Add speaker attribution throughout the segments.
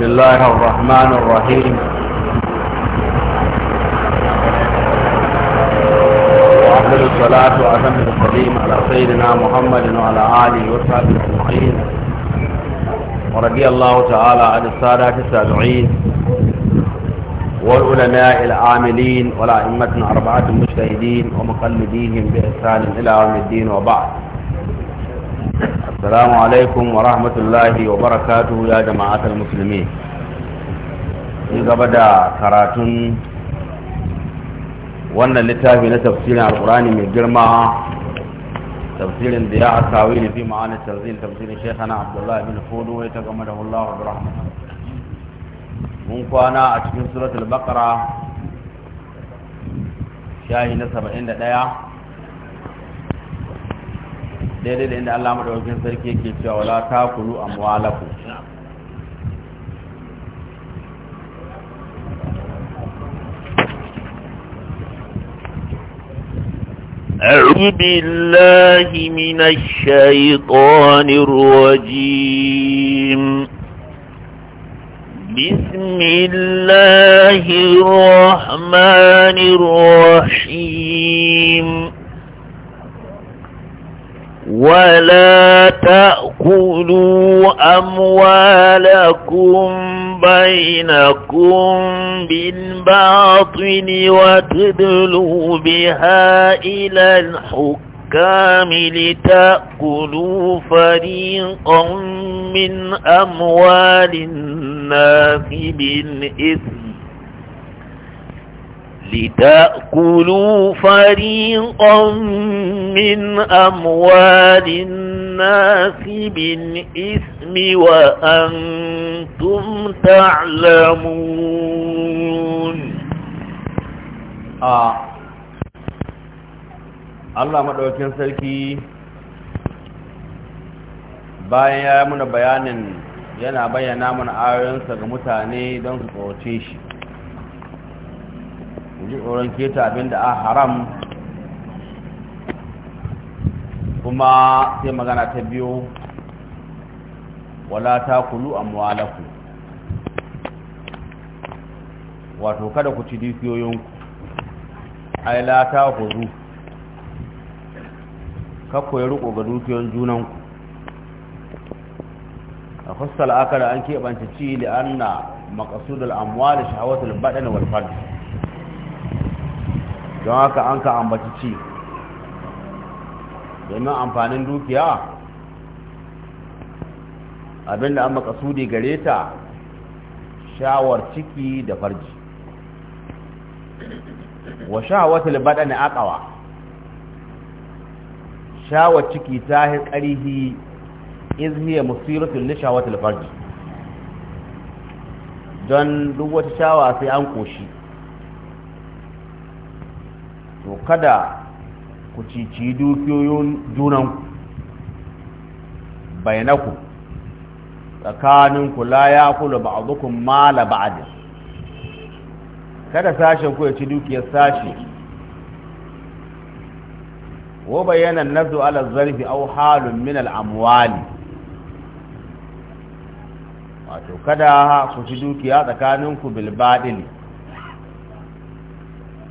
Speaker 1: بسم الله الرحمن الرحيم وأفضل الصلاة وأتم التسليم على سيدنا محمد وعلى آله وصحبه أجمعين ورضي الله تعالى عن السادة السابعين والعلماء العاملين والأئمة أربعة المجتهدين ومقلديهم بإحسان إلى يوم الدين وبعد السلام عليكم ورحمة الله وبركاته يا جماعة المسلمين نقبدا كراتون وانا لتافي لتفسير القرآن من جرمى تفسير ضياء التاويل في معاني التنزيل تفسير شيخنا عبد الله بن فودو ويتقمده الله برحمة من كوانا أتكين سورة البقرة شاهي نسبة عند دياه daidai da inda Allah madaukakin sarki yake cewa wala takulu amwalakum
Speaker 2: أعوذ بالله من الشيطان الرجيم بسم الله الرحمن الرحيم ولا تأكلوا أموالكم بينكم بالباطل وتدلوا بها إلى الحكام لتأكلوا فريقا من أموال الناس بالإثم لتأكلوا فريقا من أموال الناس بالإثم وأنتم تعلمون
Speaker 1: آه. Allah maɗaukin sarki bayan ya mana bayanin yana bayyana mana ayoyinsa ga mutane don su tsorace shi ji tsoron keta abinda a haram kuma sai magana ta biyu wala ta kulu amwalaku wato kada ku ci dukiyoyinku ai la ta kuzu kakko ya riko ga dukiyoyin junanku a fassala akara an keɓance ci da li'anna maqsudul amwal shahawatul badan wal fard don haka an ka ambaci ci domin amfanin dukiya abinda an makasudi gare ta shawar ciki da farji wa shawatul badani aqwa shawar ciki ta hi qarihi iz hiya musiratul li shawatul farji don duk wata shawa sai an koshi kada ku cici dukiyoyin junanku bainaku tsakaninku la ya kula ba'dukum mala ba'd kada sashen ku ya ci dukiyar sashi wa bayyana nazu ala zarfi aw halun min al amwali wato kada ku ci dukiya tsakaninku bil badili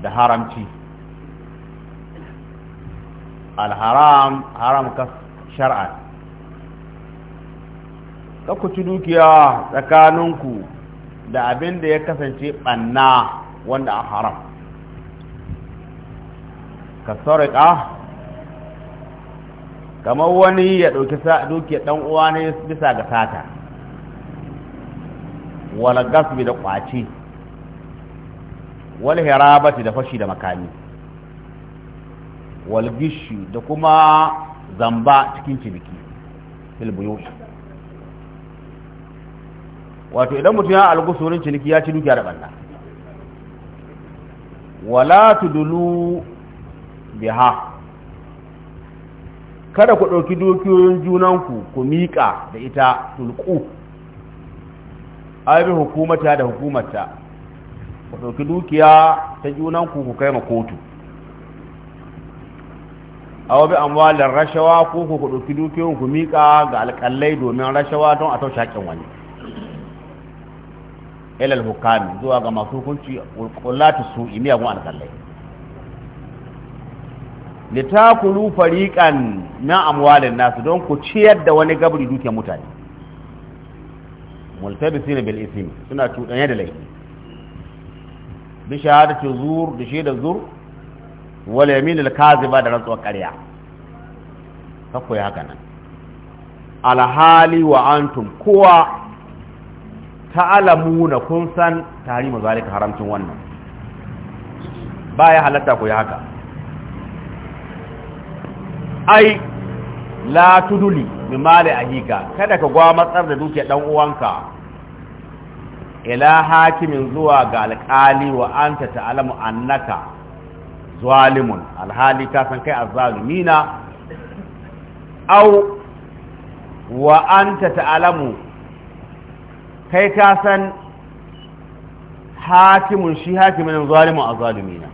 Speaker 1: da haramci alharam haram ka shar'a ka ku ci dukiya tsakaninku da abin da ya kasance banna wanda a haram ka sarika kamar wani ya ɗauki dukiya ɗan uwa ne bisa ga sata wala gasbi da ƙwaci wal harabati da fashi da makami walgishi da kuma zamba cikin ciniki filbuyoyi wato idan mutum ya algusurin wurin ciniki ya ci dukiya da banda wala tudulu biha kada ku ɗauki dukiyoyin junanku ku miƙa da ita tulku bi hukumata da hukumata ku ɗauki dukiya ta junanku ku kai ma kotu aw bi amwalar rashawa ko ku ɗauki dukiyoyin ku miƙa ga alƙalai domin rashawa don a taushe haƙƙin wani ilal hukami zuwa ga masu hukunci kullatu su imiyagun li takulu fariqan na amwalin nasu don ku ciyar da wani gabri dukiyar mutane multabisina bil ismi suna cuɗanya da laifi bi shahadatu zur da shaidar zur wal yaminul kaziba da rantsuwar karya ka koyi haka nan alhali wa antum kowa na kun san tarimu zalika haramcin wannan baya halatta ku yi haka ai la tuduli mali ahika kada ka gwa matsar da duke dan uwanka ila hakimin zuwa ga alƙali wa anta ta'alamu annaka zalimun alhali ka san kai azzalumina au wa anta ta'lamu kai ka san hakimun shi hakimin zalimun azzalumina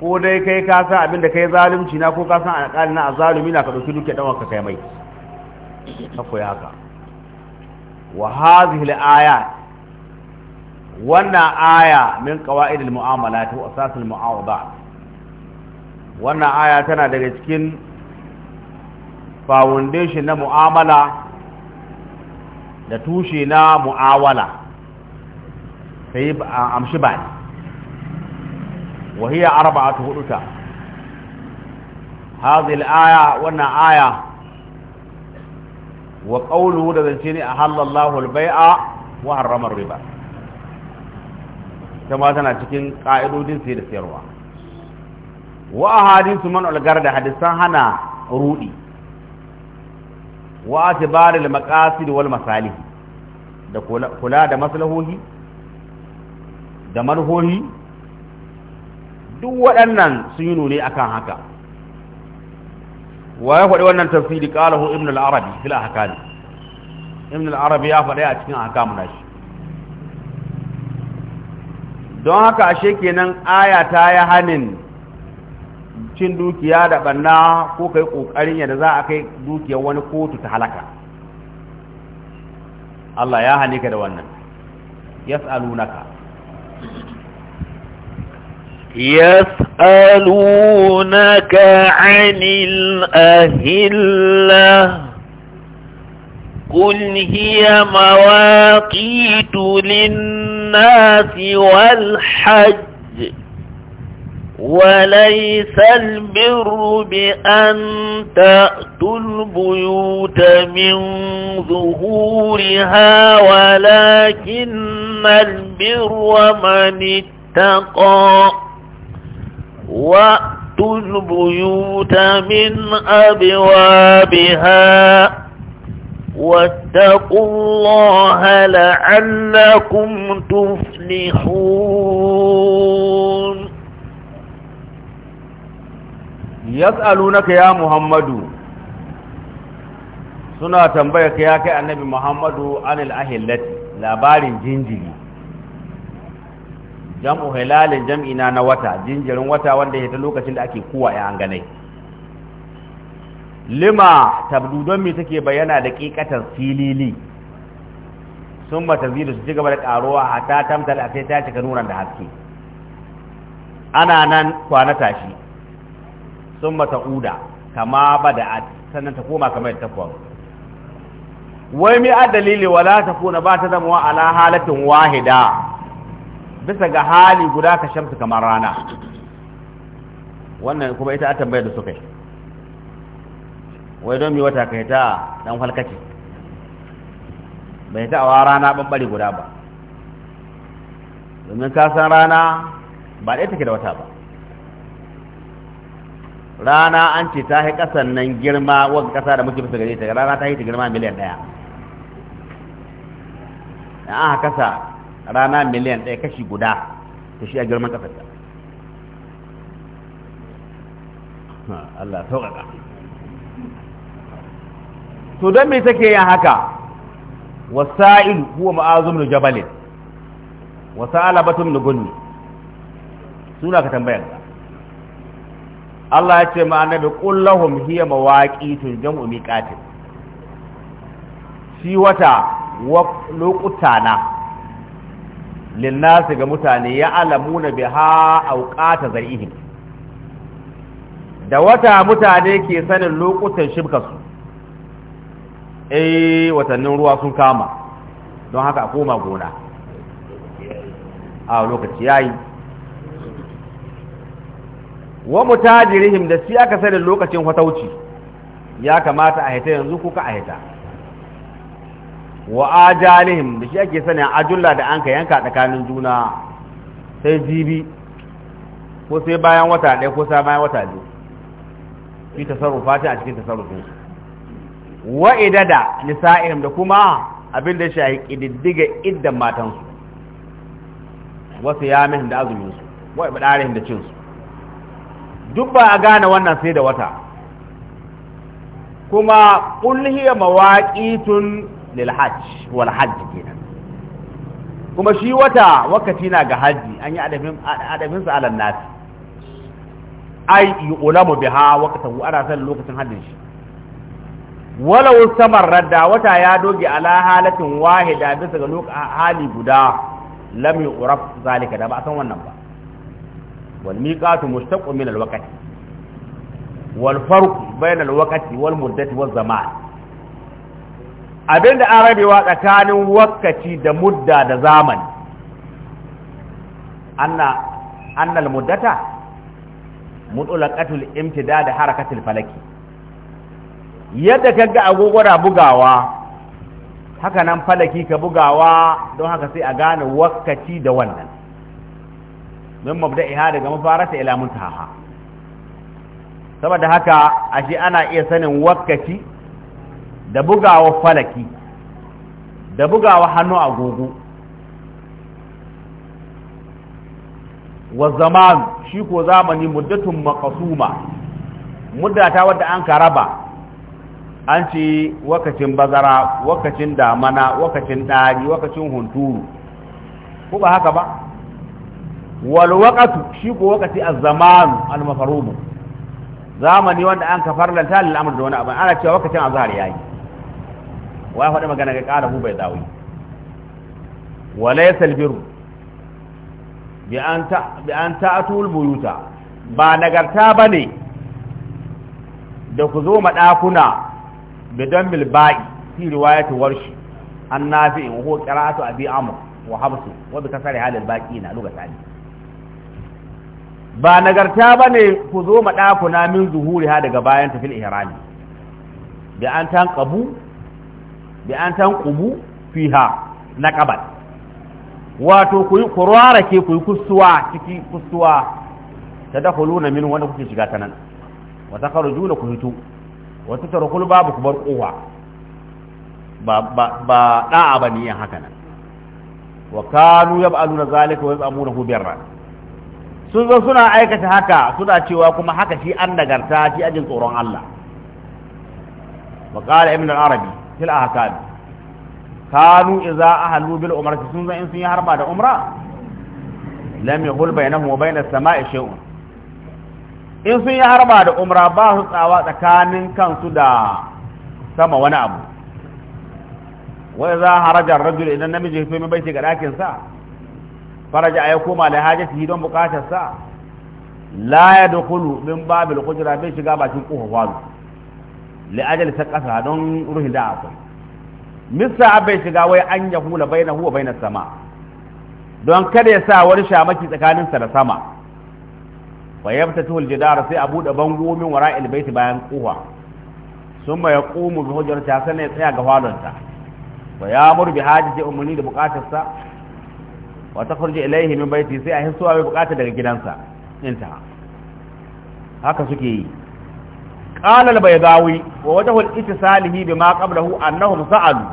Speaker 1: ko dai kai ka san abinda kai zalunci na ko ka san alƙali na azzalumina ka dauki duke dan ka kai mai ka koyi haka wa hadhihi al-ayat wannan aya min qawaidil mu'amalat wa asasul mu'awada wannan aya tana daga cikin foundation na mu'amala da tushe na mu'awala sai amshi ba ne wa arba a huduta hadhihi al-aya wannan aya wa qawluhu da zance ne ahallallahu al-bai'a wa harrama riba ta ma tana cikin ƙa'idodin sai da sayarwa wa su man algar da hadisan hana rudi wa ba da maqasid wal masalih da kula da maslahohi da marhohi duk waɗannan sun yi nune akan haka wa ya faɗi wannan tafsiri qalahu ibn al-arabi fil ahkam ibn al-arabi ya faɗi a cikin ahkam nashi don haka ashe kenan aya ta ya hanin cin dukiya da banna ko kai kokarin yadda za a kai dukiyar wani kotu ta halaka Allah ya hane ka da wannan yas'alunaka yas'alunaka
Speaker 2: 'anil ahillah قل هي مواقيت للناس والحج وليس البر بأن تأتوا البيوت من ظهورها ولكن البر من اتقى وأتوا البيوت من أبوابها واتقوا الله لعلكم تفلحون
Speaker 1: يسألونك يا محمد suna tambayar ka ya kai annabi muhammadu anil ahillati labarin jinjiri jam'u hilalin jam'ina na wata jinjirin wata wanda ya ta lokacin da ake kuwa ya an ganai lima tabdu don me take bayyana da ƙiƙatar filili sun ba ta su ci gaba da ƙaruwa a ta tamtar a sai ta cika nuran da haske ana nan kwana shi sun ba ta uda kama ba da sannan ta koma kamar ta faru wai mi a dalili wala ta kuna ba ta zama ala halatin wahida bisa ga hali guda ka shamsu kamar rana wannan kuma ita a tambayar da suka yi wai don mi wata ka ta dan falkaci bai ta a rana bari guda ba domin kasan rana ba ɗaya take da wata ba rana an ce ta yi ƙasan nan girma wadda ƙasa da muke bisa gare ta rana ta yi ta girma miliyan ɗaya na an kasa rana miliyan ɗaya kashi guda ta shi a girman ƙasar ta Allah sauƙaƙa to don me take yin haka wasa'il huwa ma'azum na jabalin wasa'ala batun na gunni suna ka tambayar ka Allah ya ce ma annabi qul lahum hiya mawaqitun jam'u miqatin shi wata lokutana linnasi ga mutane ya alamuna biha auqata zar'ihim da wata mutane ke sanin lokutan shibkasu eh watannin ruwa sun kama don haka a koma gona a lokaci yayi wa mutajirihim da shi aka sai lokacin fatauci ya kamata a haita yanzu kuka a haita wa ajalihim da shi ake sani ajulla da an ka yanka tsakanin juna sai jibi ko sai bayan wata ɗaya ko sai bayan wata biyu fi tasarrufa a cikin su wa'idada nisa'ihim da kuma abin da shi kididdiga iddan matansu wasu yamihim da azuminsu wa ibdarihim da cinsu duk ba a gane wannan sai da wata kuma qul hiya mawaqitun lil hajj wal hajj kenan kuma shi wata wakati na ga haji an yi adabin adabin sa alan ai yulamu biha waqtahu ana san lokacin hajjin walau samar radda wata ya doge ala halatin wahida bisa ga hali guda lam yuraf zalika da ba san wannan ba wal miqatu mushtaqqun min al waqti wal farq bayna al waqti wal muddati wal zaman abinda wa tsakanin wakati da mudda da zaman anna anna al muddata mutlaqatul imtidad harakatil falaki yadda ka ga agogo na bugawa haka nan falaki ka bugawa don haka sai a gane wakati da wannan don iha daga mafarata ila muntaha saboda haka ashe ana iya sanin wakati da bugawa falaki da bugawa hannu agogo wa zaman shi ko zamani muddatun makasuma muddata wadda an karaba an ce wakacin bazara wakacin damana wakacin ɗari wakacin hunturu ko ba haka ba wal shi ko wakati a zamanu, al-mafruḍ zamani wanda an kafar lanta lil amr da wani abu ana cewa wakacin azhar yayi wa faɗi magana ga ƙara hu bai dawo wa laysa al bi an ta bi an ta'tul buyuta ba nagarta bane da ku zo ma ɗakuna بدم milba'i في رواية warshi an nafi قراءة أبي qira'atu وحبسه وبكسر هذا ba nagarta bane ku zo madakuna min zuhuri ha daga bayan tafil ihrami bi an tan qabu bi an tan wato ku yi kurara ke ku yi kusuwa ciki kusuwa tadakhuluna min wanda kuke shiga ta nan wa takharujuna ku hito wata tarkul babu ku bar kowa ba da'a ba niyan haka nan wa kanu yab'aluna zalika wa yab'amunahu birra sun zo suna aikata haka suna cewa kuma haka shi an nagarta shi ajin tsoron Allah wa qala ibn al-arabi fil ahkam kanu idza ahalu bil umrati sun zo in sun yi harba da umra lam yahul bainahum wa bainas sama'i shay'un in sun yi harba da umra ba su tsawa tsakanin kansu da sama wani abu wai za harajar rajul idan namiji ya fi baiti ga ɗakinsa sa faraja a ya koma da hajjati don bukatar sa la ya dukulu min babil kujira bai shiga bakin kofa falu li ajali ta kasa don ruhi da akwai misa bai shiga wai an yahula bainahu wa bainas sama don kada ya sa wani shamaki tsakaninsa da sama fa yabtatu jidara sai abu da bango min wara albayti bayan kuwa summa yaqumu bi hujrata sanai tsaya ga falonta wa ya'muru bi hajati ummini da bukatarsa wa takhruju ilayhi min baiti sai a hisuwa bi bukata daga gidansa intaha haka suke yi قال البيضاوي ووجه الاتصاله بما قبله أنهم سألوا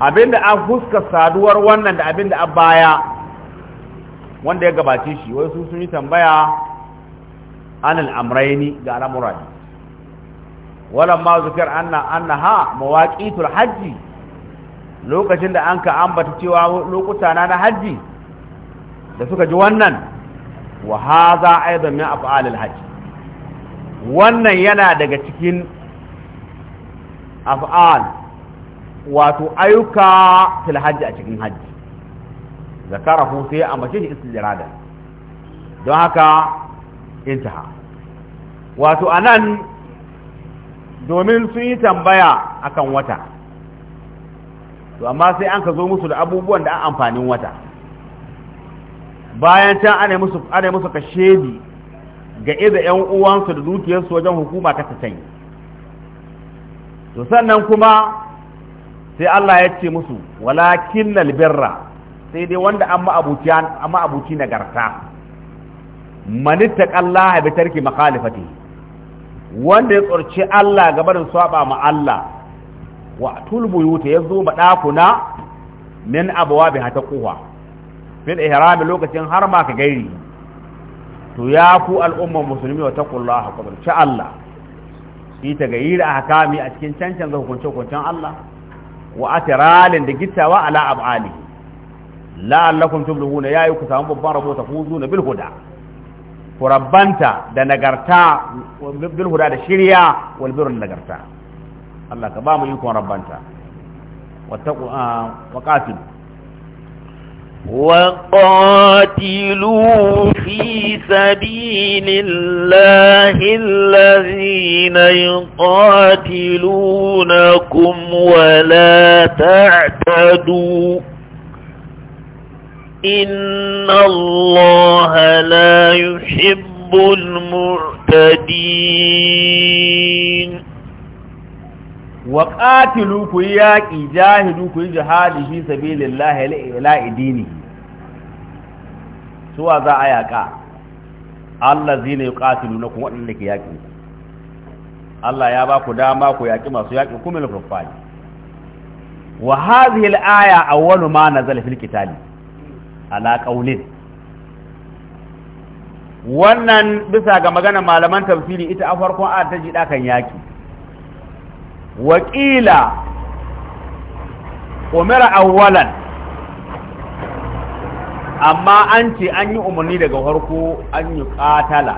Speaker 1: abinda an fuska saduwar wannan da abinda an baya wanda ya gabace shi wai su sun yi tambaya an al'amraini ga al'amura ne walan ma zukar anna annaha mawaqitul hajji lokacin da an ka ambata cewa lokuta na na hajji da suka ji wannan wa hadha aidan min af'alil hajji wannan yana daga cikin af'al wato ayyuka fil hajji a cikin hajji zakarahu sai a mace shi istirada don haka intaha wato anan domin sun yi tambaya akan wata to amma sai an ka zo musu da abubuwan da an amfanin wata bayan can ana musu ana musu kashedi ga iza yan uwansu da dukiyarsu wajen hukuma ta to sannan kuma sai Allah ya ce musu walakin albirra sai dai wanda an ma'abuci an ma'abuci nagarta manitta Allah bi tarki makhalifati wanda ya tsorci Allah ga barin saba ma Allah wa tulbuyuta yazo ba dakuna min abwabi hata kuwa fil ihram lokacin har ma ka gairi to ya ku al'umma musulmi wa taqullaha qabl cha Allah shi ta gairi ahkami a cikin cancan hukunce hukuncen Allah wa atralin da gittawa ala abali la'allakum tuflihuna yayi ku samu babban rabo ta fuzuna bil huda ku rabbanta da nagarta bil huda da shirya wal birr nagarta Allah ka ba mu ikon rabbanta wattaqu wa qatil وقاتلوا في سبيل
Speaker 2: الله الذين يقاتلونكم ولا تعتدوا إن الله لا يحب
Speaker 1: المعتدين وقاتلوا كياكي جاهدوا كي جهاد في سبيل الله لا دينه سوى ذا آياكا الذين يقاتلونكم وأن لك ياكي الله يا باكو داما كو ياكي ما سياكي كم الكفار وهذه الآية أول ما نزل في الكتاب ala qaulin wannan bisa ga magana malaman tafsiri ita a farkon a ta ji dakan yaki wakila umira awwalan amma an ce an yi umarni daga farko an yi ƙatala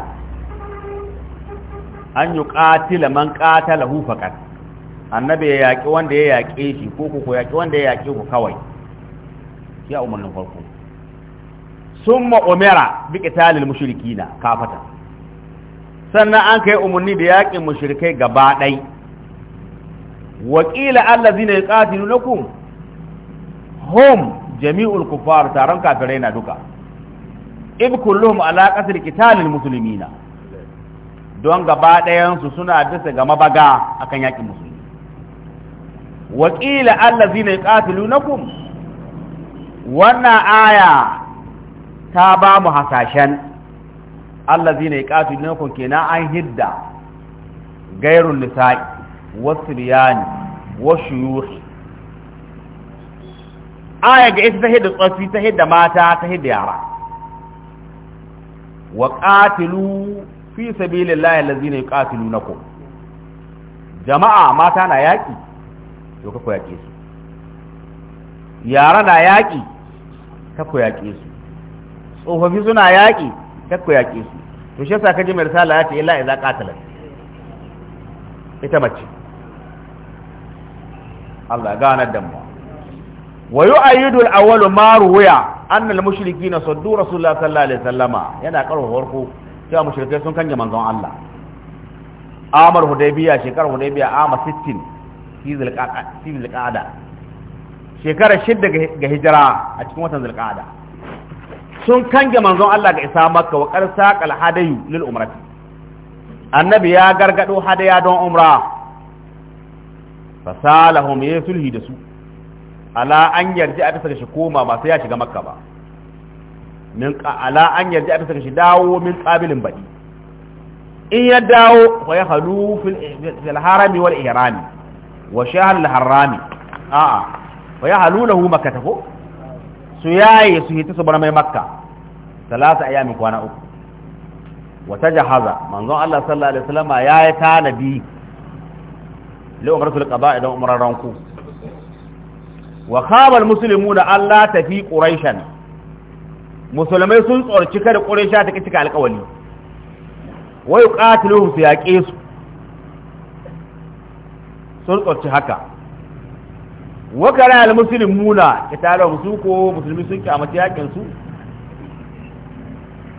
Speaker 1: an yi katila man katala hufakat annabi ya yaƙi wanda ya yaƙe shi ko ko yaƙi wanda ya yaƙe ku kawai ya umarnin farko summa umira bi qitalil mushrikina kafata sannan an kai umarni da yakin mushrikai gaba ɗai wakila allazina yuqatilunakum hum jami'ul kufar taron kafirai na duka ib kulluhum ala qatl qitalil muslimina don gaba ɗayan su suna bisa ga mabaga akan yakin musulmi wakila allazina yuqatilunakum wannan aya ta ba mu hasashen Allah allazi ne ƙatu dinakon kenan an hidda gairun nisa'i wasu riyani wasu yuri aya ga ita ta hidda tsoffi ta hidda mata ta hidda yara wa ƙatilu fi sabilillahi allazi ne ƙatilu na ku jama'a mata na yaƙi to ka ku yaƙe su yara na yaƙi ka ku yaƙe su tsofaffi suna yaƙi kakku yaƙi su to shi yasa ka ji mai risala ya ce illa iza qatalat ita mace Allah ga da damu wa yu'ayyidu al-awwalu ma ruwiya anna al-mushrikeena saddu rasulullah sallallahu alaihi wasallama yana karo farko cewa mushrikai sun kanje manzon Allah amar hudaybiya shekarar hudaybiya ama 60 fi zilqa'ada shekarar 6 ga hijira a cikin watan zilqa'ada sun kange manzon Allah ga isa makka wa qarsa qal hadayu lil umrati annabi ya gargado hadaya don umra fasalahum ya sulhi da su ala an yarji a bisa ga shi koma ba sai ya shiga makka ba min ala an yarji a bisa ga shi dawo min qabilin badi in ya dawo fa ya halu fil harami wal ihrami wa shahr al harami a'a fa ya halu lahu makkata ko su yaye su hita su bar mai makka talata ayyamin kwana uku wata jahaza manzon Allah sallallahu alaihi wasallam ya yi tanadi li umratul qada idan umrar ranku wa khaba al muslimuna alla tafi quraishan musulmai sun tsorci kada quraisha ta cika alƙawali wa yuqatiluhum su yaƙe su sun tsorci haka wakara al-muslim muna kitalar su ko musulmi sun kyamata yakin su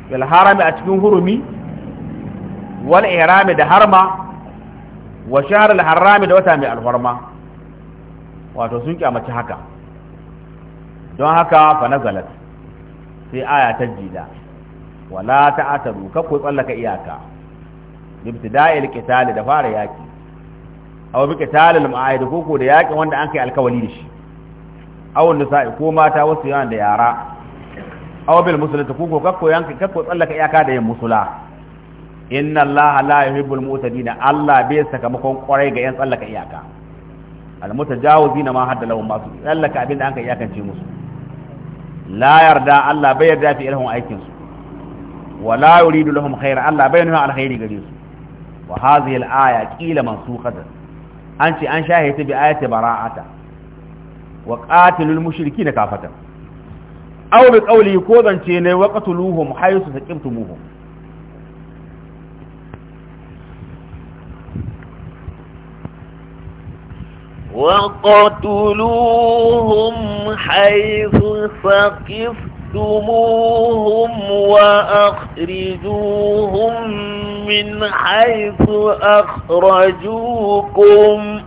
Speaker 1: bil harami a cikin hurumi wal ihrami da harma wa shahr al-harami da wata mai alfarma wato sun kyamaci haka don haka fa nazalat sai aya ta jida wala ta'ataru kakku tsallaka iyaka ibtida'il qital da fara yaki aw bi qitalil mu'ahid ko ko da yakin wanda an kai alkawali da shi aw nisa'i ko mata wasu yana da yara aw bil musulata ko ko kakko yanka kakko tsallaka iyaka da yin musula inna allaha la yuhibbul mu'tadina allah bai sakamakon kwarai ga yan tsallaka iyaka al mutajawizina ma hadda lahum masu tsallaka abinda an kai iyakan ce musu la yarda allah bai yarda fi ilhum aikin su wala yuridu lahum khaira allah bai nuna alkhairi gare su wa hadhihi al aya qila mansukhatun an ce an shahe ta bi ayati bara'ata wa qatilul mushrikina kafatan aw bi qawli ko zance ne wa qatuluhum haythu saqimtumuhum
Speaker 2: وقتلوهم حيث ثقفتم فاقتلوهم وأخرجوهم من حيث أخرجوكم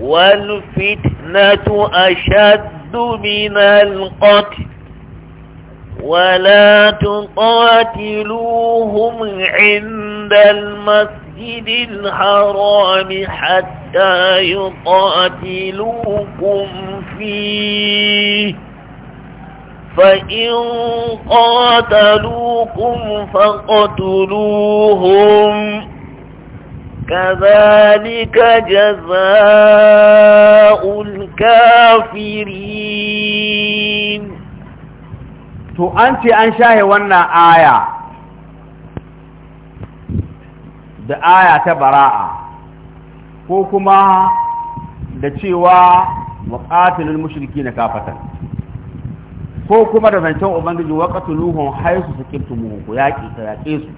Speaker 2: والفتنة أشد من القتل ولا تقاتلوهم عند المسجد الحرام حتى يقاتلوكم فيه فإن قاتلوكم فاقتلوهم كذلك جزاء الكافرين
Speaker 1: to an ce an shahe wannan aya da aya ta bara'a ko kuma da cewa waƙatilin mushriki na kafatan ko kuma da zancen ubangiji wa su haythu sukiltumuhum ku yaƙi ka yaƙe su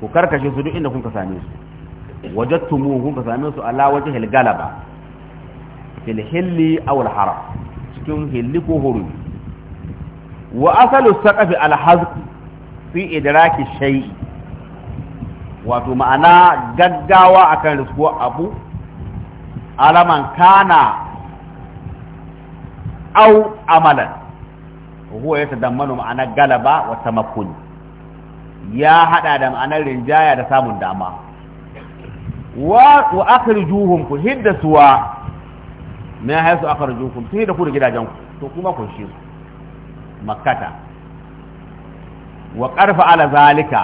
Speaker 1: ku karkashe su duk inda kun ka same su wajadtumuhum kun ka same su ala waje galaba fil hilli aw haram cikin hilli ko hurumi wa asalu saqafi al hazq fi idraki shay'i wato ma'ana gaggawa akan riskuwa abu alaman kana au amalan huwa ya tadammanu ma'anar galaba wa tamakkun ya hada da ma'anar rinjaya da samun dama wa wa akhrijuhum ku hidda suwa ma haisu akhrijukum sai da ku da gidajen ku to kuma kun shi makkata wa qarfa ala zalika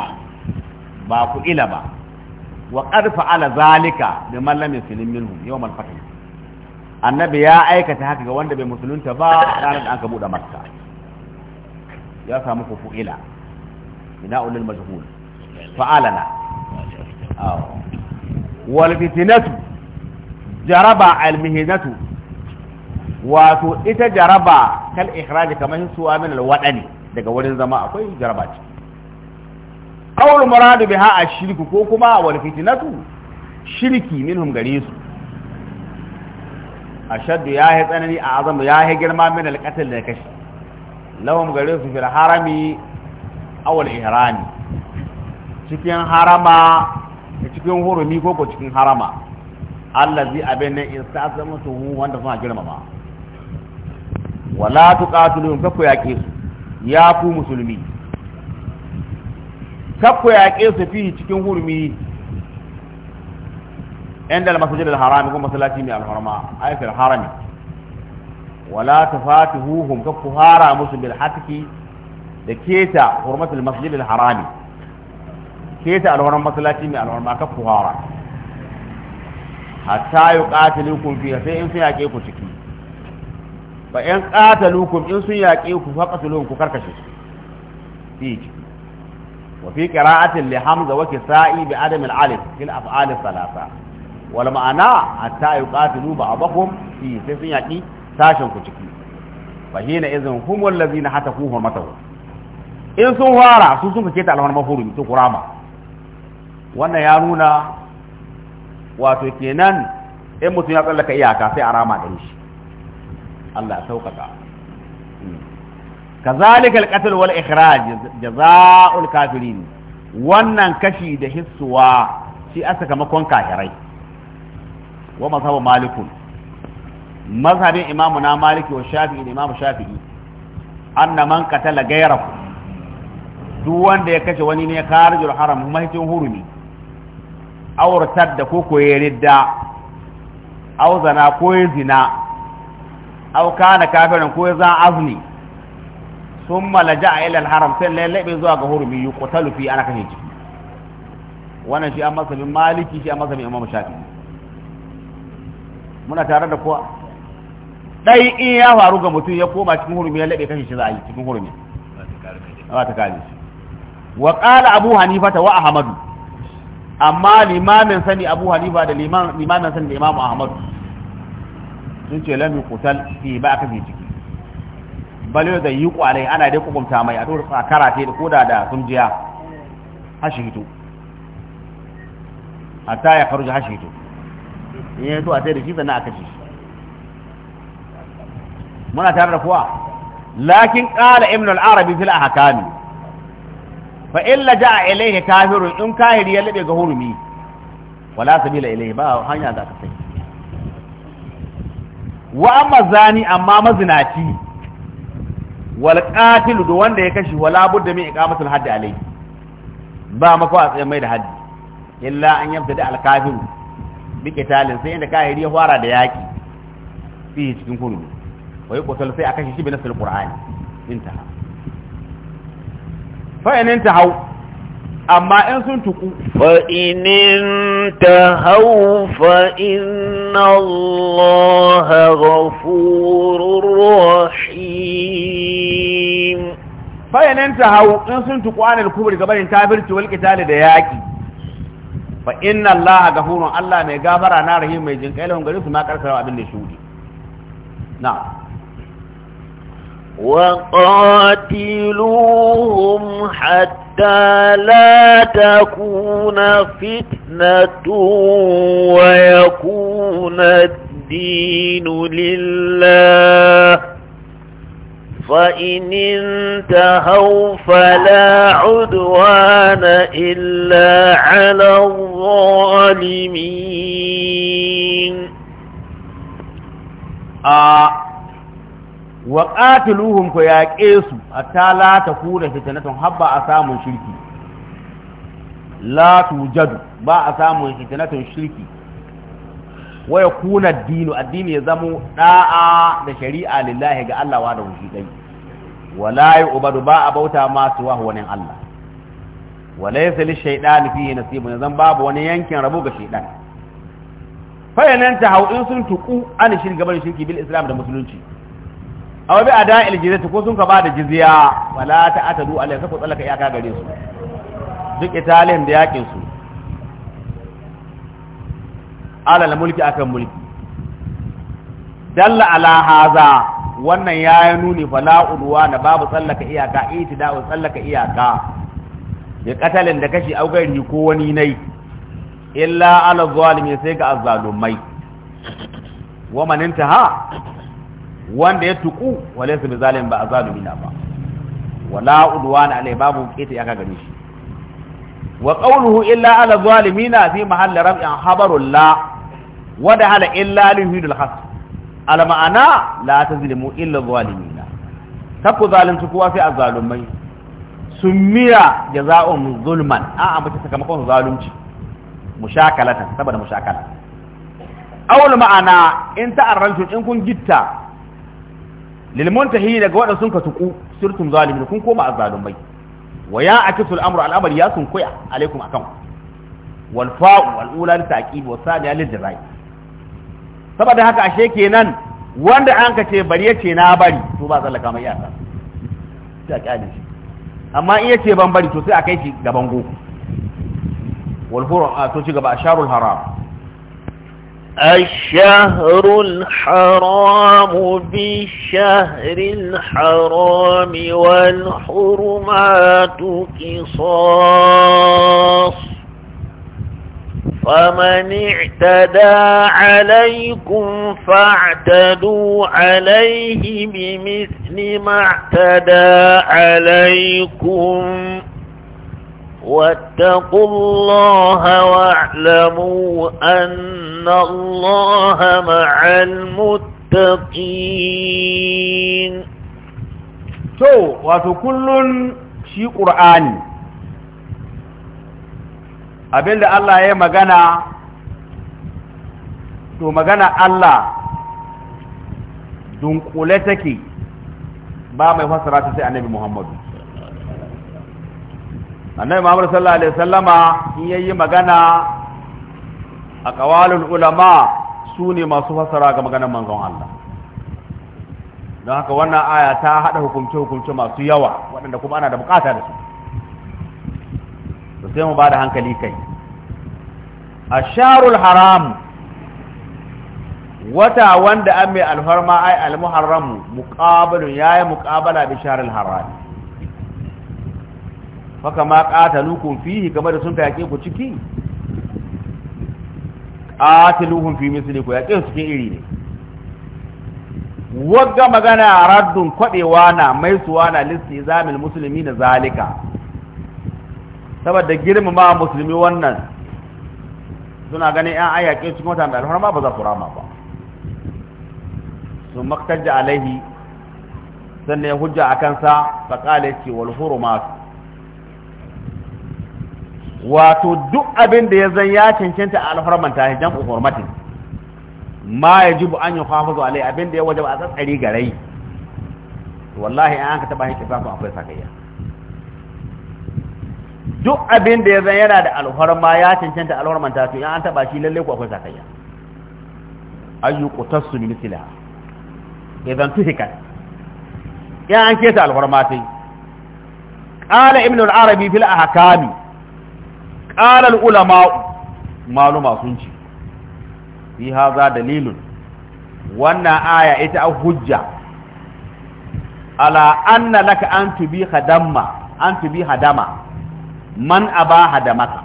Speaker 1: ba ku ila ba wa qarfa ala zalika bi mallamin filin yuslim minhum yawm al-fath annabi ya aikata haka ga wanda bai musulunta ba ranar da aka buɗe makka ya samu ku fu'ila ina ulil majhul fa'alana wal fitnatu jaraba al mihnatu wato ita jaraba kal ikhraj kamar su amin al wadani daga wurin zama akwai jaraba ce qawl muradu biha ashirku ko kuma wal fitnatu shirki minhum gare su ashaddu ya yi tsanani a azamu ya yi girma min al qatl da kashi lahum gare su fil harami awal ihrami cikin harama cikin hurumi ko ko cikin harama allazi abin nan in sa sa'azamuhu wanda suna girmama wala tuqatiluhum fa ku su ya ku musulmi ku yaqi su fi cikin hurumi inda al al-harami ko masallati mai al-harama ay fil harami wala tafatuhuhum ka ku hara musu bil hatki da keta hurmatul masjid harami keta alwaran masallaci mai alwaran ma ka ku hara hatta yuqatilukum fi sai in sun yake ku ciki fa in qatalukum in sun yake ku faqatuluhum ku karkashe su fi ciki wa hamza bi wal ma'ana hatta yuqatilu ba'dahum fi sun sashen ku ciki fa hina izin hum wallazina hataku hurmatahu in sun fara su sun kace ta alhurma hurumi to kurama wannan ya nuna wato kenan in mutum ya tsallaka iyaka sai a rama gare shi Allah ya sauƙaƙa kazalikal qatl wal ikhraj jazaa'ul kafirin wannan kashi da hissuwa shi a sakamakon kafirai wa mazhabu malikun mazhabin imamu na maliki wa shafi'i da imamu shafi'i anna man qatala ghayrahu duk wanda ya kashe wani ne kharijul haram mahitin hurumi auratar da ko koye ridda aw zana ko zina aw kana kafirin ko zan azni Sun laja'a ila al-haram sai lallabe zuwa ga hurumi yuqtalu fi ana kashe ciki wannan shi a masabin maliki shi a masabin imamu shafi'i muna tare da kuwa? dai in ya faru ga mutum ya koma cikin hurumi ya laɓe kashe shi za a yi cikin hurumi ba ta kare shi wa ƙala abu hanifa ta wa ahmadu amma limamin sani abu hanifa da limamin sani da imamu ahmadu sun ce lam yuqtal fi ba ka fi ciki bal da yi kwalai ana dai kukumta mai a dole a karate da koda da jiya hashi hito hatta ya faru hashi hito in ya to a sai da shi sannan a kashe shi muna tare da kuwa lakin ƙala ibn al-arabi fil ahkami fa illa ja'a ilayhi kafirun in kafiri ya labe ga hurumi wala sabila ilayhi ba hanya da ka sai wa amma zani amma mazinaci wal qatil da wanda ya kashi wala budda min iqamatul hadd alayhi ba mako a tsaye mai da haddi illa an yabda da al-kafiru bi qitalin sai inda kafiri ya fara da yaki fi cikin hurumi ويقتل في أكاشي شي بنفس القرآن انتهى فإن انتهوا أما
Speaker 2: إن سنتقوا فإن انتهوا فإن الله غفور رحيم
Speaker 1: فإن انتهوا إن سنتقوا عن الكبر قبل انتابرت والكتال دياكي فإن الله غفور الله Allah mai gafara na rahim mai jinkai lahum gari su ma karkarawa
Speaker 2: وقاتلوهم حتى لا تكون فتنة ويكون الدين لله فإن انتهوا فلا عدوان إلا على الظالمين
Speaker 1: آه wa qatiluhum ku yaƙe su hatta la takuna fitnatun habba a samun shirki la tujadu ba a samun fitnatun shirki wa yakuna dino addini ya zamo da'a da shari'a lillahi ga Allah wa da wushi dai wala yu'badu ba a bauta ma suwa wani Allah wala yasa li fihi nasibun zan babu wani yankin rabo ga shaytan fayanan ta hau in sun tuku an shirka bar shirki bil islam da musulunci aw bi ada iljizati ko sun ka bada jizya wala ta ta'tadu alai sako tsallaka iyaka gare su duk italin da yakin su alal mulki akan mulki dalla ala haza wannan ya yi nuni fala udwa na babu tsallaka iyaka itida'u tsallaka iyaka bi qatalin da kashi au gari ko wani nai illa ala zalimi sai ga azzalumai wa man intaha wanda ya tuku wale su bizalim ba a zalumi ba wala udwana alai babu keta ya gare shi wa qawluhu illa ala zalimina fi mahall raf'in habarul la wa da hala illa lihidul khas ala ma'ana la tazlimu illa zalimina takku zalimtu kuwa fi azalumai summiya jaza'un zulman a ambata sakamakon zalunci mushakalatan saboda mushakala awul ma'ana in ta'arrantu in kun gitta lilmuntahi daga waɗanda sun ka tuku sirtum zalimin kun koma azzalumai wa ya akisu al'amru al'amari ya sun koya alaikum akan wal fa'u wal ula li taqib wa thaniya lil jazai saboda haka ashe kenan wanda an ka ce bari yace na bari to ba tsallaka mai iyaka sai a kyale shi amma in yace ban bari to sai a kai shi gaban go wal furu to ci gaba asharul haram الشهر
Speaker 2: الحرام بالشهر الحرام والحرمات قصاص فمن اعتدى عليكم فاعتدوا عليه بمثل ما اعتدى عليكم واتقوا الله واعلموا أن الله مع المتقين
Speaker 1: تو وتكل شيء قرآني abinda Allah ya magana to magana Allah dunkule take ba mai fasara ta sai annabi Muhammadu annabi Muhammad sallallahu alaihi wasallama in yayi magana a qawalul ulama sune masu fasara ga maganar manzon Allah don haka wannan aya ta hada hukunce hukunce masu yawa waɗanda kuma ana da bukata da su to sai mu bada hankali kai asharul haram wata wanda an mai alfarma ai almuharram muqabalun yayi muqabala bi sharil haram faka ma lukun fihi kamar da sun ta yake ku ciki qatiluhum fi misli ku yaƙe su cikin iri ne wadda magana a raddun kwaɗewa na mai suwa na listi zamil musulmi na zalika saboda girmama musulmi wannan suna ganin yan ayyake cikin wata mai alfarma ba za su rama ba su da alaihi sannan ya hujja a kansa faƙala ce wal masu. wato duk abin da ya zan ya cancanta a alfarman ta hijan hurmatin ma ya jibu an yi zuwa alai abin da ya wajaba a tsatsari garai wallahi an ka taba shi kisa akwai sakayya duk abin da ya zan yana da alfarma ya cancanta alfarman ta to in an taba shi lalle ku akwai sakayya ayyu qutasu min silah idan tuhikat ya an keta alfarma tai qala ibn al-arabi fil ahkami ƙalar ulama maluma sun ce fi haza dalilun wannan aya ita a hujja ala anna laka an tubi hadamma an tubi hadama man aba hadamaka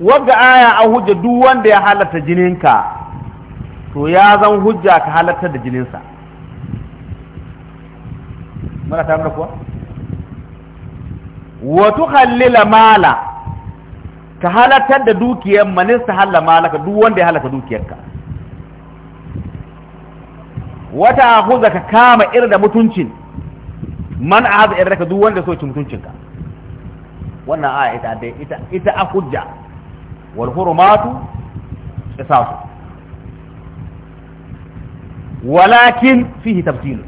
Speaker 1: wadda aya a hujja duk wanda ya halatta jininka to ya zan hujja ka halatta da jininsa muna ta da kuwa wa tukhallila mala ka halatar da dukiyar manista halla malaka duk wanda ya halaka dukiyarka wata akuza ka kama irin da mutuncin man a haɗa irin da duk wanda so ci mutuncinka wannan a ita dai ita ita a hujja wal hurumatu qisasu walakin fihi tafsil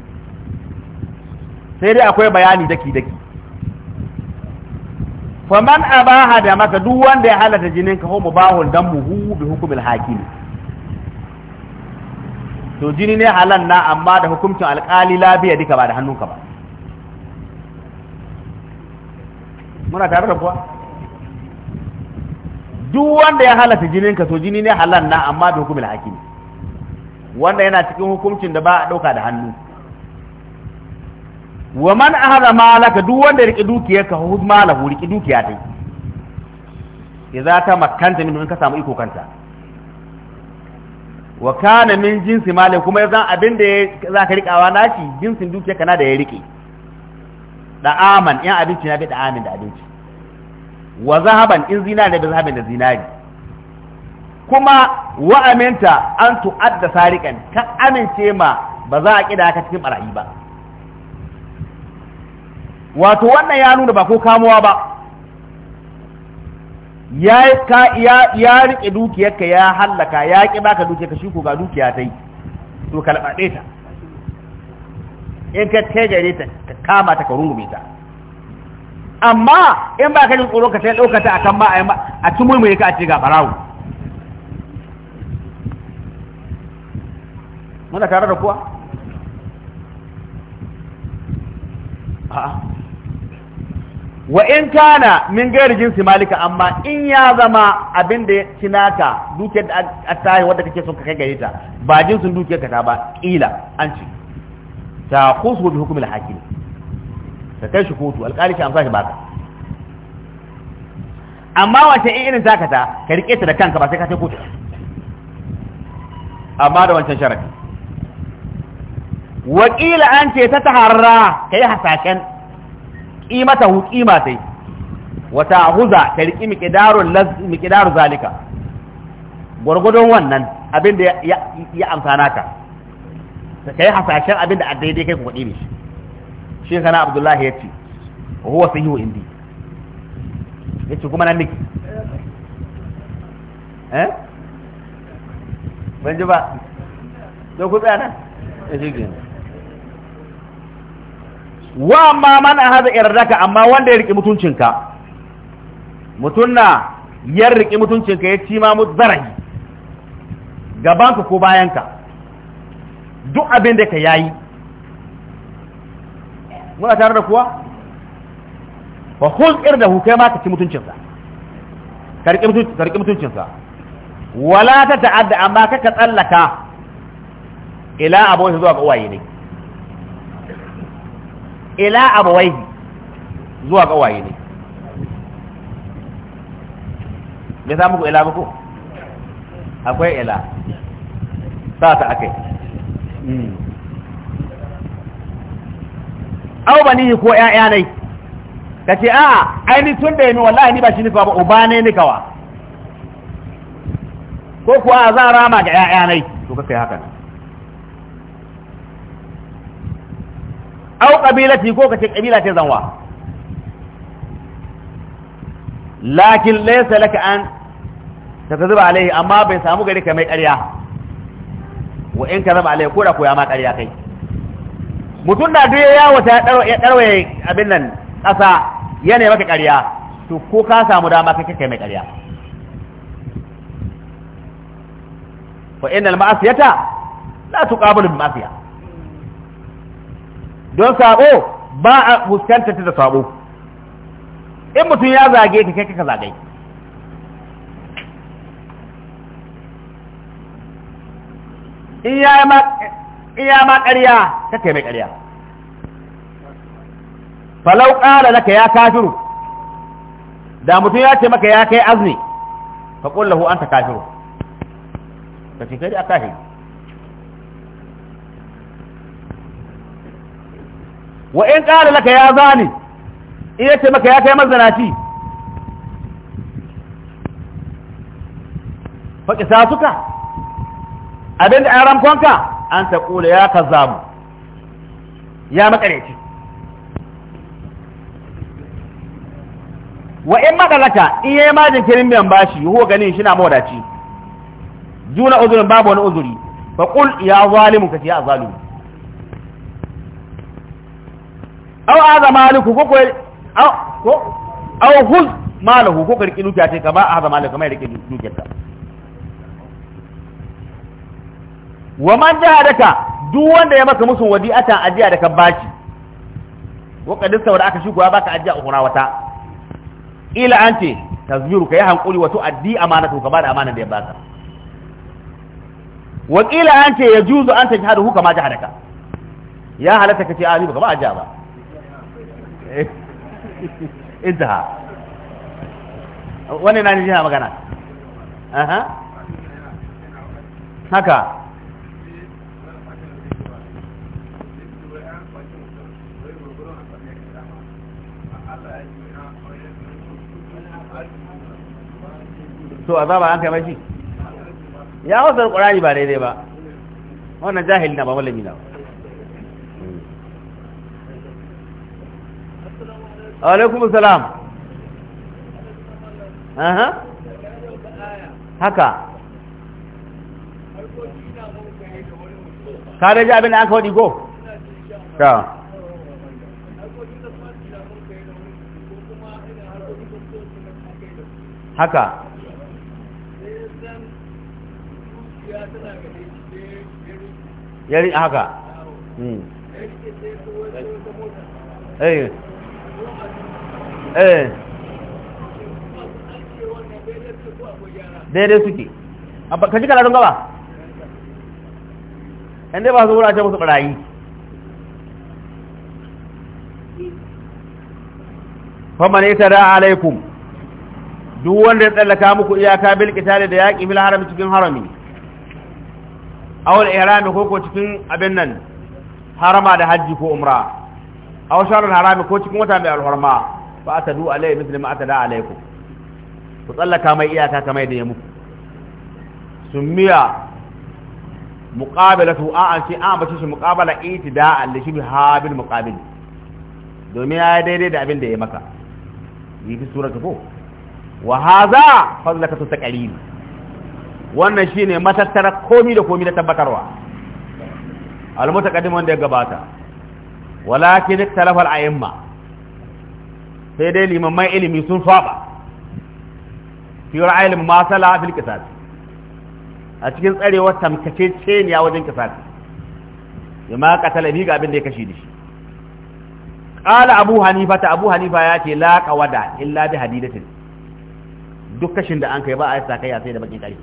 Speaker 1: sai dai akwai bayani daki daki faman abaha da maka duk wanda ya halata jinin ka mu bahul dan muhu bi hukumil hakimi to jini ne halan na amma da hukuncin alƙali labiya duka ba da hannunka ba muna tare da kuwa duk wanda ya halata jinin ka to jini ne halan na amma bi hukumil hakimi wanda yana cikin hukuncin da ba a ɗauka da hannu wa man ahada malaka duk wanda rike dukiyar ka hud malahu rike dukiya dai idza ta makanta min ka samu iko kanta wa kana min jinsi mali kuma yanzu abin da za ka rikawa naci, jinsin dukiyar ka na da ya rike da aman yan abinci na bi da amin da abinci wa zahaban in zinari da zahaban da zinari kuma wa aminta an tu'adda sariqan ka amince ma ba za a kida ka cikin barayi ba wato wannan ya nuna ba ko kamuwa ba ya ka ya ya rike dukiyarka ya hallaka ya ki baka dukiya shi ko ga dukiya ta yi to kalbade ta in ka kai gare ta ka kama ta ka rungume ta amma in ba ka jin tsoro ka sai dauka ta akan ba a ci mulmule ka a ce ga barawo muna tare da kuwa a'a wa in kana min gairi jinsi malika amma in ya zama abin da ci naka dukiyar da tahi wadda kake son ka kai gare ta ba jinsin dukiyar ka ta ba kila an ce ta khusu bi hukumil hakim ta kai shi kotu alƙali ka amsa shi baka amma wace in irin taka ta ka rike ta da kanka ba sai ka kai kotu amma da wancan sharafi wakila an ce ta taharra kai hasaken. qimata hu qima tai wa ta'huza ta riki miqdarul laz miqdaru zalika gurgudun wannan abin da ya amfana ka kai hasashen abin da daidai kai kuɗi ne shi sana abdullahi ya ce huwa wa indi ya ce kuma nan niki eh ban ji ba don ku tsaya nan ya shi gina wa amma man ahadha irdaka amma wanda ya riki mutuncinka na ya riki mutuncinka ya ci ma mu zarahi ka ko bayan ka duk abin da ka yayi muna tare da kuwa fa khul da hukai ma ka ci mutuncinka ka riki mutuncinka wala ta ta'adda amma ka ka tsallaka ila abokin zuwa ga uwaye ne ila abawaihi zuwa ga waye ne za mu ku ila muku akwai ila sa ta ake au bani ko ƴaƴa ne kace a'a aini tun da ni wallahi ni ba shi fa ba uba ne ni kawa ko kuwa za rama ga ƴaƴa ne to kake haka ne au kabilati ko kace kabila ta zanwa lakin laysa laka an zuba alaihi amma bai samu gari ka mai ƙarya wa in ka zama alaihi ko da koya ma ƙarya kai mutum da duk ya wata ya ɗarwaye abin nan ƙasa yana maka ƙarya to ko ka samu dama kai kai mai ƙarya wa innal ma'asiyata la tuqabilu bil ma'siyah don sabo ba a fuskanta ta da sabo in mutum ya zage ka kai ka zagai in ya ma in ya ma ƙarya ka kai mai ƙarya falau ƙara laka ya kafiru da mutum ya ce maka ya kai azumi fa qul lahu anta kafiru ce kai a kafiru wa in ƙara laka ya zani iya ce maka ya kai mazanaci faƙi sa suka abinda an ramkonka an ta ya ka zamu ya makareci wa in maɗalaka in yi majin kirin biyan bashi huwa ganin shi na mawadaci juna uzurin babu wani uzuri faƙul ya zalimu ka ce ya zalimu aw aza maliku ko aw ko aw huz malahu ko karki dukiya ce kama aza maliku mai rike dukiyarka wa man jahadaka duk wanda ya maka wadi wadi'atan ajiya da ka baci wa qad sawara aka shigo baka ajiya a wata ila anti tazmiru kai hankuri wato addi amanatu ka bada amanan da ya baka wa ce anti yajuzu an tajhadu kama jahadaka ya halatta kace a ni baka ba ajiya ba Eh. intaha wani na jina magana haka to zaba an kai mashi ya wasar ƙurari ba daidai ba wannan jahil na ba malami na ba alaikum salam aha
Speaker 3: haka ka da ji
Speaker 1: abin da aka wadi go? ta haka yari haka hmm. eh eh daidai suke ka ji don gaba inda ba su wurace musu barayi faman ta da alaikum duk wanda ya tsallaka muku iyaka bilki tare da yaƙi bil harami cikin harami awal ihrami ko ko cikin abin nan harama da hajji ko umra aw sharar harami ko cikin wata mai alhurma fa atadu alai misli ma atada alaikum ku tsallaka mai iyaka kamar da ya muku summiya muqabalatu a an ce an bace shi muqabala itida'an li shibhi habil muqabil domin ya daidai da abin da ya maka yi fi suratu ko wa hadha fadlaka tutaqalil wannan shine matattara komi da komi na tabbatarwa al mutaqaddim wanda ya gabata walakin ikhtalafa al a'imma sai dai limamman ilimi sun saba fi ra'ayin masala fil qisas a cikin tsarewar tamkace ce ceniya wajen qisas yamma qatala talabi ga abin da ya kashe da shi qala abu hanifa ta abu hanifa ya ce la qawada illa bi hadidatin duk kashin da an kai ba a yi sakayya sai da bakin kare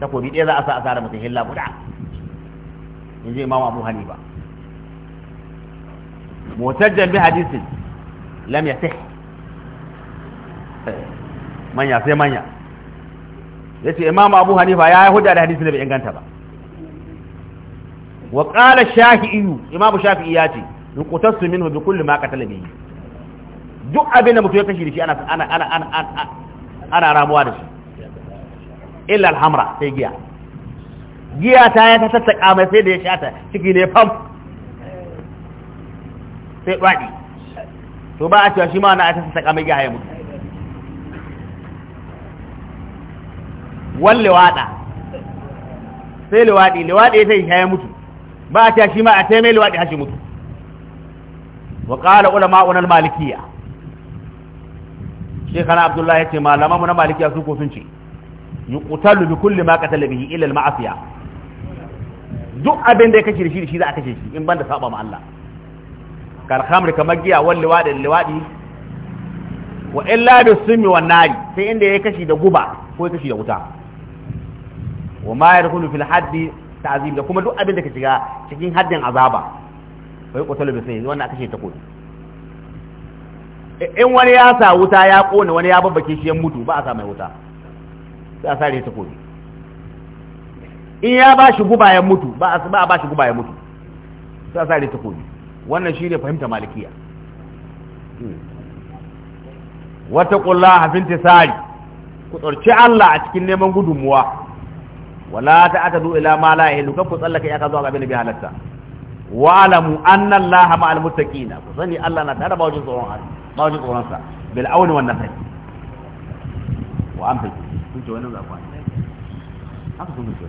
Speaker 1: takobi ɗaya za a sa asara mutum hilla guda in ji imamu abu hanifa motar jambi hadisin lam ya manya sai manya ya ce imamu abu hanifa ya yi hujja da hadisi ne bai inganta ba wa ƙala shafi'iyu imamu shafi'i ya ce nukutassu minhu bi kulli ma qatala bihi duk abin da mutum ya kashi da shi ana ana ana ana ana ramuwa da shi illa alhamra sai giya giya ta ya tattaka mai sai da ya shata ciki ne fam sai dwadi to ba a cewa shi ma na a tasa saka mai gaya mutu wal liwaɗa sai liwadi liwadi ya sai ya mutu ba a cewa shi ma a taimai liwadi hashi mutu wa qala ulama'una al-malikiyya shekana abdullahi ya ce malamanmu na malikiya su ko sun ce yuqtalu bi kulli ma qatala bihi illa al-ma'asiya duk abin da ya kashe shi da shi za a kashe shi in banda saba ma Allah karhamar kamar giya wal liwadi liwadi wa illa bi sumi wan nari sai inda ya kashi da guba ko ya kashi da wuta wa ma yadkhulu fil haddi ta'zim da kuma duk abin da ka shiga cikin haddin azaba fa yuqtalu bi sai wannan aka ta kodi in wani ya sa wuta ya kone wani ya babbake shi ya mutu ba a sa mai wuta sai a sare ta kodi in ya ba shi guba ya mutu ba a ba shi guba ya mutu sai a sare ta kodi wannan shi ne fahimta malikiya wata ƙulla kulla hafin tisari ku tsorci Allah a cikin neman gudunmuwa wala ta atadu ila ma la yahlu kan ku tsallaka ya ka zuwa ga bin bi halatta wa alamu anna Allah ma'al muttaqina ku sani Allah na tare ba wajen tsoron Allah ba wajen tsoron sa bil auni wan nasai wa amfi kun ce wannan zakwa haka kun ce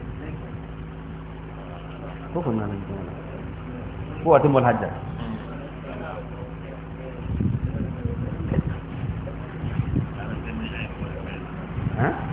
Speaker 1: ko kun nan ko watan mulhajja
Speaker 3: Huh?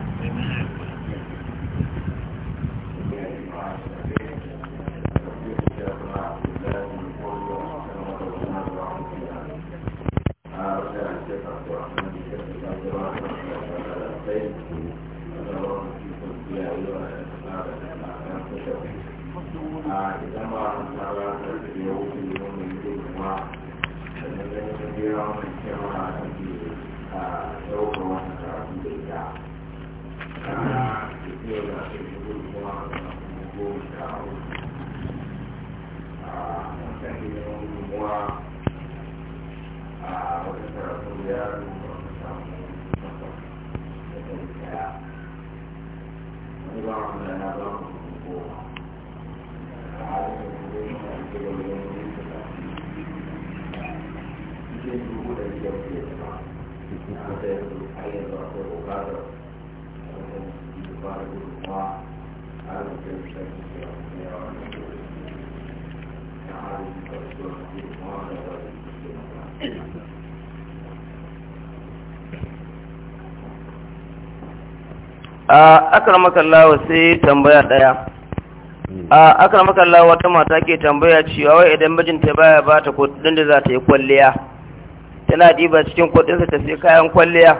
Speaker 4: a sai tambaya daya a akramakallah wata mata ke tambaya cewa wai idan mijinta baya ba ta kudin da za ta yi kwalliya tana diba cikin kudinsa ta sai kayan kwalliya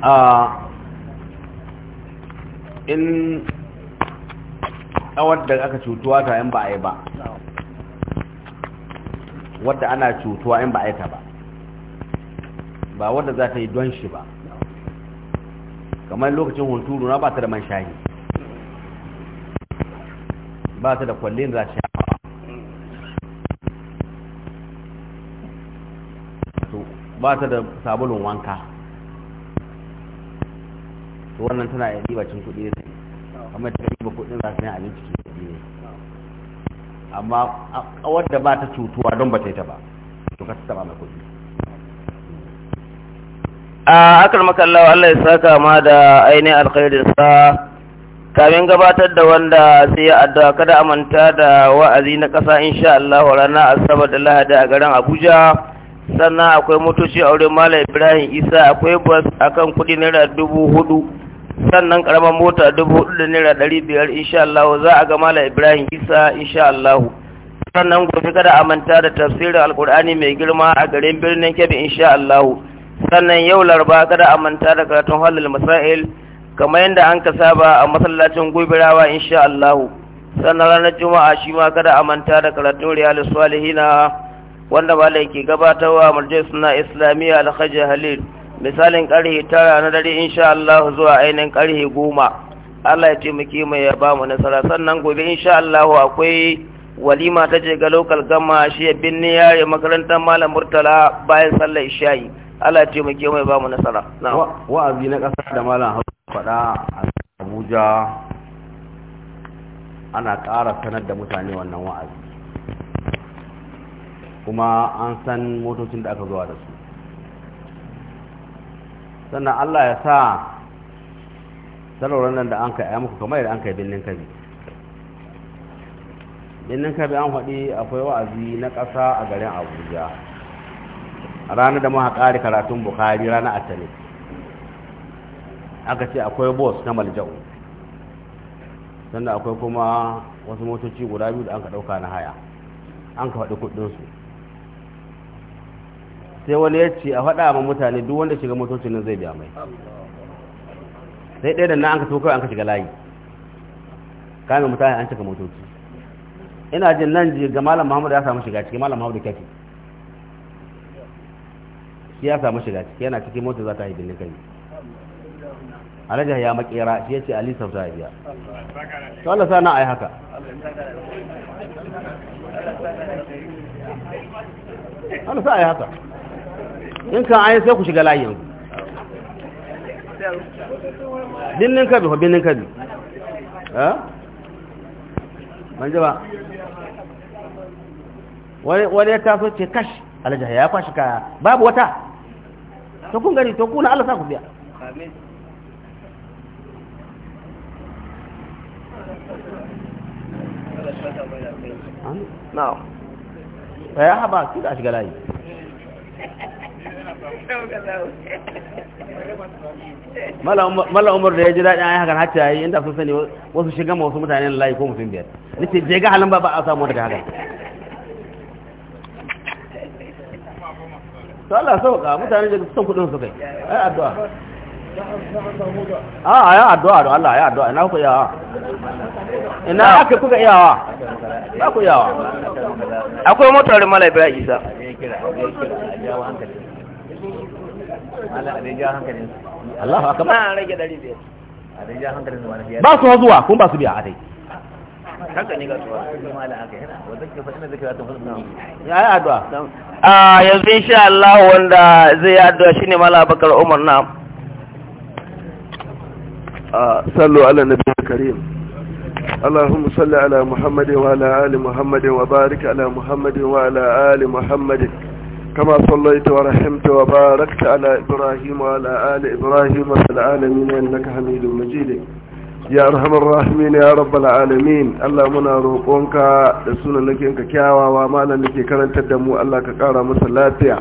Speaker 1: a in awar da aka cutuwa ta yan ba a yi ba wadda ana cutuwa in ba aika ba ba wadda za ta yi don shi ba kamar lokacin hunturu na ba ta da man shahi ba ta da kwallin za shi ba ta da sabulun wanka to wannan tana yi cin kuɗi ne ta yi amma ta yi ba kudin za ta yi abinci ke ne amma wadda ba ta cutuwa don ba ta yi ta ba to ka taba mai kudi
Speaker 4: a akar makallawa Allah ya saka ma da ainihin alkhairin sa kamin gabatar da wanda sai ya addu'a kada amanta da wa'azi na kasa insha Allah ranar asabar da lahadi a garin Abuja sannan akwai motoci a wurin Malam Ibrahim Isa akwai bus akan kuɗi naira dubu hudu sannan karamar mota dubu hudu da naira dari biyar insha Allah za a ga Malam Ibrahim Isa insha Allah sannan gobe kada a manta da tafsirin Alkur'ani mai girma a garin birnin Kebbi insha Allah sannan yau Laraba kada a manta da karatun halal masail kamar yadda an ka saba a masallacin Gobirawa insha Allah sannan ranar Juma'a shi ma kada a manta da karatun Riyalus Salihina wanda malai ke gabatarwa Marjai Suna Islamiyya Alhaji Halil misalin ƙarhe tara na dare insha Allah zuwa ainihin ƙarhe goma Allah ya taimake mu ya ba mu nasara sannan gobe insha Allah akwai walima ta je ga lokal gama shi ya binne yare makarantar malam murtala bayan sallar isha'i Allah ya taimake mu ya ba mu nasara
Speaker 1: wa'azi na ƙasa da malam Hausa faɗa a Abuja ana ƙara sanar da mutane wannan wa'azi kuma an san motocin da aka zuwa da su sannan Allah ya sa salauran nan da an ka yi muku kamar yadda an ka yi birnin kabi birnin kabi an faɗi akwai wa'azi na ƙasa a garin abuja ranar da muka ƙari karatun bukari ranar atani aka ce akwai bos na maljau sannan akwai kuma wasu motoci guda biyu da an ka ɗauka na haya an ka faɗi kuɗinsu sai wani ya ce a faɗa ma mutane duk wanda shiga motocin nan zai biya mai sai ɗaya da na an ka tokar an ka shiga layi kamin mutane an cika motoci ina jin nan ji ga malam muhammadu ya samu shiga ciki malam muhammadu kyafi shi ya samu shiga ciki yana cikin motar za ta haifin ne kai alhaji ya makera shi ya ce ali sauta biya
Speaker 3: to Allah sa na ai haka Allah sa ai haka
Speaker 1: in kan ayin sai ku shiga layin
Speaker 3: binnin kabi ko binnin kabi ha
Speaker 1: manje ba wani wani ya taso ce kash alaja ya kwashi kaya babu wata to kun gani to kuna Allah sa ku biya amin na'am ya eh, haba kida shiga layi mala umar da ya ji daɗin hakan hatta yayi inda sun sani wasu shiga ma wasu mutane na layi ko mutum biyar nace je ga halin ba ba a samu daga haka to Allah sau ka mutane da son kudin su kai ai addu'a a ya addu'a da Allah ya addu'a ina ku yawa
Speaker 3: ina aka kuka iyawa ba ku yawa akwai
Speaker 4: motar mala ibrahim isa
Speaker 1: Allahu akbar
Speaker 2: an
Speaker 4: ba su zuwa kun ba su biya
Speaker 1: a dai
Speaker 5: ya addu'a
Speaker 4: a yanzu insha Allah wanda zai addu'a shine mala bakar
Speaker 5: umar na sallu ala nabi karim اللهم صل على محمد وعلى آل محمد وبارك على محمد وعلى آل محمد كما صليت ورحمت وباركت على إبراهيم وعلى آل إبراهيم في العالمين إنك حميد مجيد يا أرحم الراحمين يا رب العالمين الله منا روقونك لسونا لك إنك كياوا ومالا لك كانت تدمو الله كقارا مسلاتيا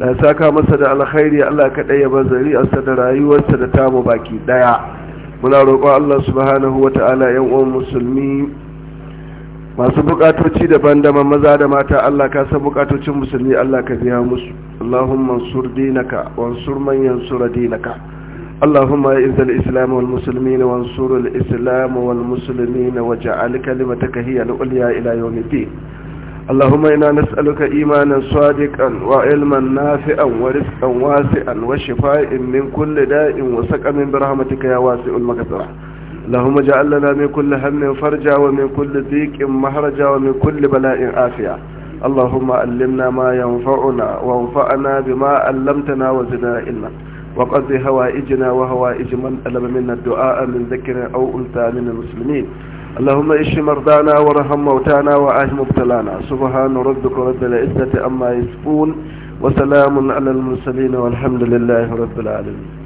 Speaker 5: لا ساكا مسد على خير الله كدأي بزري أسد رأي وسد تامو باكي دايا muna roƙon Allah subhanahu wa ta'ala yan uwan musulmi masu bukatoci daban daban maza da mata Allah kasa san bukatocin musulmi Allah ka biya musu Allahumma ansur dinaka wansur man yansur dinaka Allahumma ya'izz al-islam wal muslimin wansur al-islam wal muslimin waj'al kalimataka hiya al-ulya ila yawm al-din Allahumma inna nas'aluka imanan sadiqan wa ilman nafi'an wa rizqan wasi'an wa shifa'an min kulli da'in wa saqan min rahmatika ya wasi'ul maghfirah اللهم اجعل لنا من كل هم فرجا ومن كل ضيق مهرجا ومن كل بلاء عافية اللهم علمنا ما ينفعنا وانفعنا بما علمتنا وزدنا علما وقضي هوائجنا وهوائج من ألم منا الدعاء من ذكر أو أنثى من المسلمين اللهم اشف مرضانا وارحم موتانا وآه مبتلانا سبحان ربك رب العزة أما يسفون وسلام على المرسلين والحمد لله رب العالمين